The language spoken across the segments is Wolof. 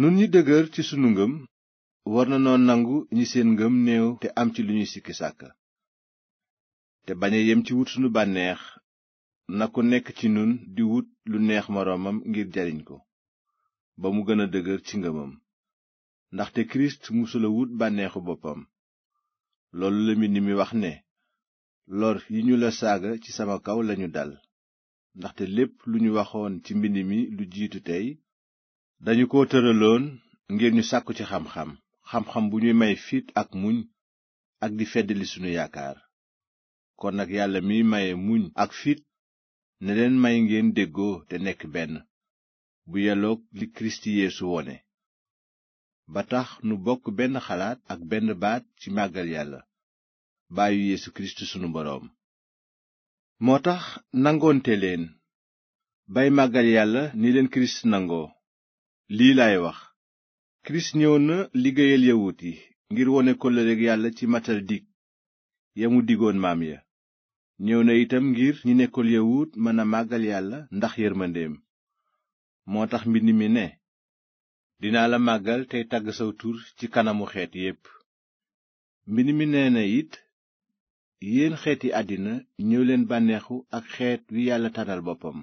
nun ñi dëgër ci sunu ngëm war na noon nangu ñi seen ngëm néew te am ci lu ñuy sikki sàkka te bañ a yem ci wut sunu bànneex na ku nekk ci nun di wut lu neex moroomam ngir jariñ ko ba mu gën a dëgër ci ngëmam ndaxte kirist musula wut bànneexu boppam loolu la mbind mi wax ne lor yi ñu la saaga ci sama kaw lañu dal ndaxte lépp lu ñu waxoon ci mbind mi lu jiitu tey dañu ko tëraloon ngir ñu sàkku ci xamxam xamxam bu ñuy may fit ak muñ ak di feddali sunu yaakaar kon nag yàlla mi maye muñ ak fit ne leen may ngeen déggoo te nekk benn bu yelloog li kirist yeesu wone ba tax nu bokk benn xalaat ak benn baat ci màggal yàlla baayu yeesu kirist sunu boroom moo tax nangoonte leen bay màggal yàlla ni leen kirist nangoo lii laay wax kirist ñëw na liggéeyal yawut yi ngir wone kóllëreg yàlla ci matal dig ya mu digoon maam ya ñëw na itam ngir ñi nekkul yawut mën a màggal yàlla ndax yërmandeem moo tax mbind mi ne dinaa la màggal tey tàgg saw tur ci kanamu xeet yépp mbind mi nee it yéen xeeti àddina ñëw leen bànneexu ak xeet wi yàlla tànnal boppam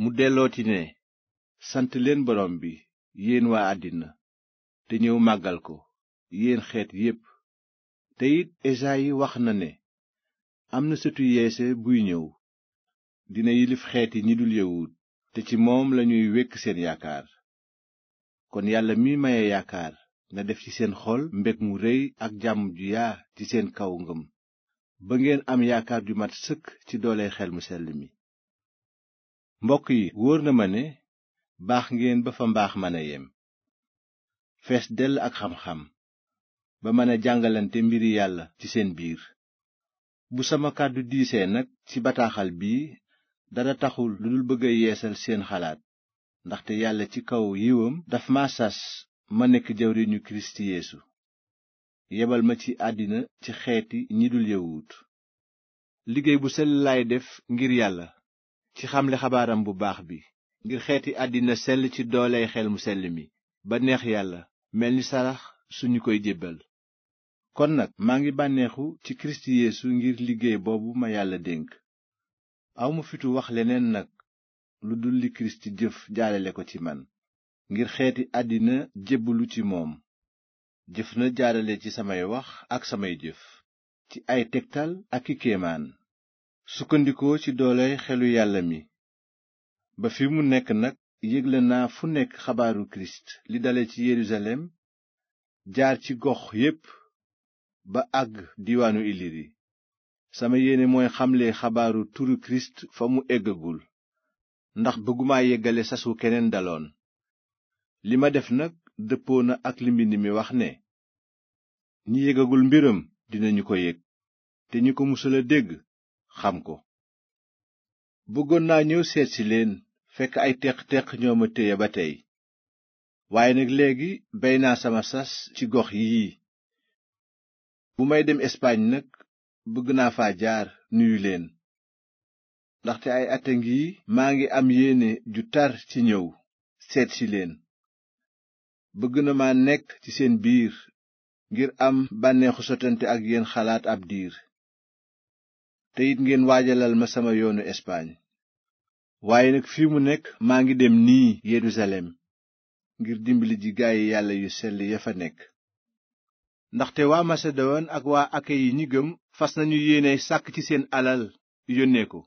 mu dellooti sant leen borom bi yéen waa àddina te ñëw màggal ko yéen xeet yépp te it wax na ne am na sëtu yeese buy ñëw dina yilif xeeti ñi dul yawut te ci moom lañuy wekk seen yaakaar kon yàlla mi maye yaakaar na def ci seen xol mbég mu rëy ak jàmm ju yaa ci seen kaw ngëm ba ngeen am yaakaar ju mat sëkk ci doole xel mu sell mi yi wóor baax ngeen ba mbaax mën a yem fees dell ak xam-xam ba mën a jàngalante mbir yàlla ci seen biir bu sama kàddu diisee nag ci bataaxal bii dara taxul lu dul bëgg a yeesal seen xalaat ndaxte yàlla ci kaw yiwam daf ma sas ma nekk jawriñu kirist yeesu yebal ma ci àddina ci xeeti ñi dul yawut liggéey bu sell laay def ngir yàlla ci xamle xabaaram bu baax bi ngir xeeti àddina sell ci doole xel mu sell mi ba neex yàlla mel ni sarax suñu koy jébbal kon nag maa ngi bànneexu ci kirist yeesu ngir liggéey boobu ma yàlla dénk awma fitu wax leneen nag lu dul li ci jëf jaalale ko ci man ngir xeeti àddina jébbalu ci moom jëf na jaarale ci samay wax ak samay jëf ci ay tegtal ak i kéemaan sukkandikoo ci dooley xelu yàlla mi ba fi mu nekk nag yégle naa fu nekk xabaaru kirist li dale ci yerusalem jaar ci gox yépp ba àgg diwaanu iliri sama yéene mooy xamle xabaaru turu kirist fa mu eggagul ndax bëgguma yeggale sasu keneen daloon li ma def nag dëppoo na ak li mi wax ne ñi yëgagul mbiram dinañu ko yëg te ñi ko musal a dégg xam ko naa ñëw seetsi leen fekk ay téq teq ñoo ma téye ba tey waaye nag léegi bay naa sama sas ci gox yii bu may dem Espagne nag bëgg naa fa jaar nuyu leen ndaxte ay ate ngi maa ngi am yéene ju tar ci ñëw seet si leen bëgg na ma nekk ci seen biir ngir am bànneexu sotante ak yéen xalaat ab diir te it ngeen waajalal ma sama yoonu Espagne waaye nag fii mu nekk maa ngi dem nii yerusalem ngir dimbali ji gaayi yàlla yu sell ya fa nekk ndaxte waa masedowan ak waa akay yi ñi gëm fas nañu yéene sàkk ci seen alal yónnee ko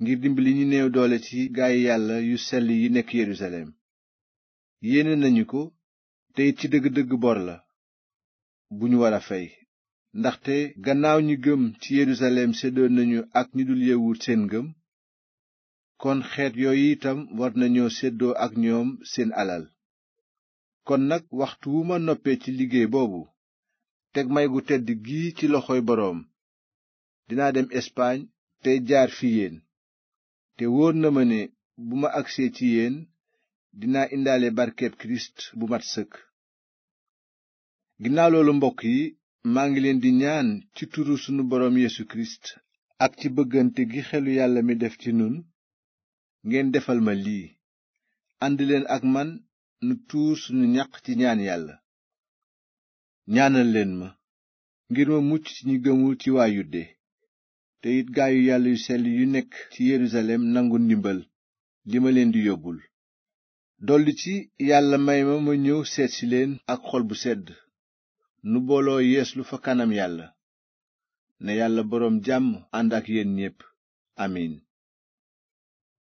ngir dimbali ñi néew doole ci gaay yàlla yu sell yi nekk yerusalem yéene nañu ko te ci dëgg-dëgg bor la bu ñu war a fay ndaxte gannaaw ñi gëm ci yerusalem séddoon nañu ak ñu dul yawut seen gëm kon xeet yooyu itam war nañoo séddoo ak ñoom seen alal kon nag waxtu wu ma noppee ci liggéey boobu teg may gu tedd gii ci loxoy boroom dinaa dem Espagne tey jaar fi yéen te wóor na ma ne bu ma agsee ci yéen dinaa indaale barkeb kirist bu mat sëkk ginnaaw loolu mbokk yi maa ngi leen di ñaan ci turu sunu boroom Yesu kirist ak ci bëggante gi xelu yàlla mi def ci nun ngeen defal ma lii àndileen ak man nu tuur sunu ñaq ci ñaan yàlla ñaanal leen ma ngir ma mucc ci ñi gëmul ci waa yudde te it gaayu yàlla yu sell yu nekk ci yerusalem nangu ndimbal li ma leen di yóbbul dolli ci yàlla may ma ma ñëw seetsi leen ak xol bu sedd nu booloo lu fa kanam yàlla ne yàlla boroom jàmm ànd ak yéen ñépp amiin